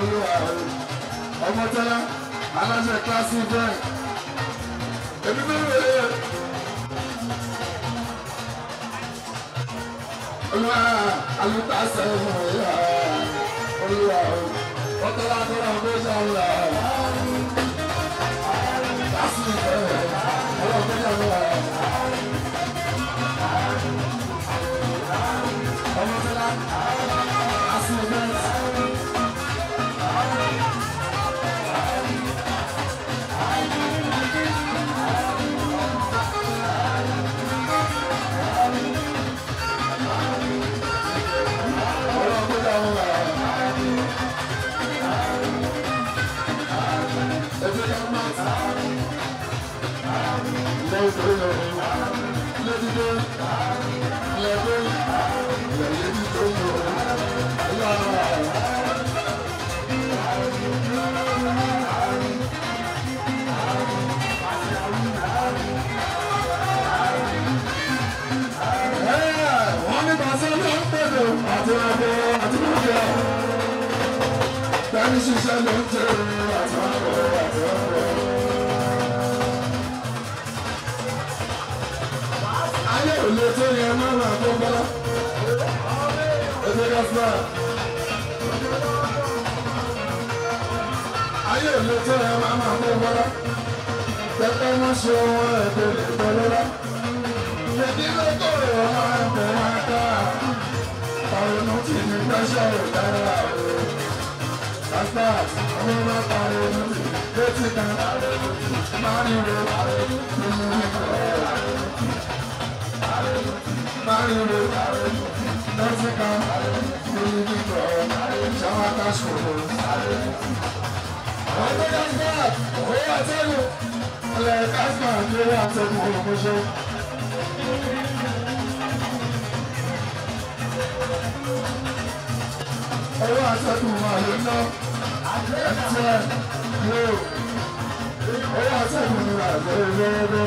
pẹ̀lú Ọmọtọ́lá aláṣẹ kíláàsì bẹ́ẹ̀. èmi tó wẹ̀ ẹ́ olúwa alùpàṣẹ ọmọ ìyá olúwa ọtọ́lá tó rà ọgbẹ́sẹ̀ ọ̀la. Spanish is a long term. ayé ò lè tó yẹn máa máa tó gbọ́dá. ẹgbẹ́ gọ́sìlá. ayé ò lè tó yẹn máa máa tó gbọ́dá. pẹpẹ mọ ṣe wọn ètò ìgbẹ́ lọ́la. ṣèbí ló tó ìwọ̀n máa ń bẹ̀ máa ká. àrùn tí mi gbẹ́sẹ̀ rẹ̀ dára. Kàtà ọmọ máa pariwo létí kan. Máa ń lo ìmúlẹ̀ rere lọ́tíkà lórí kíkọ́ ṣáwátà ṣòro. àwọn tó dá sí náà òwe àtẹ́lù ọ̀lẹ̀ kásìmọ̀ àgbéwé àtẹ́lù olùkóṣe. owó àtẹ́lù máa ló ná ẹ̀tẹ́ yóò owó àtẹ́lù ni àgbẹ̀ lọ́wọ́.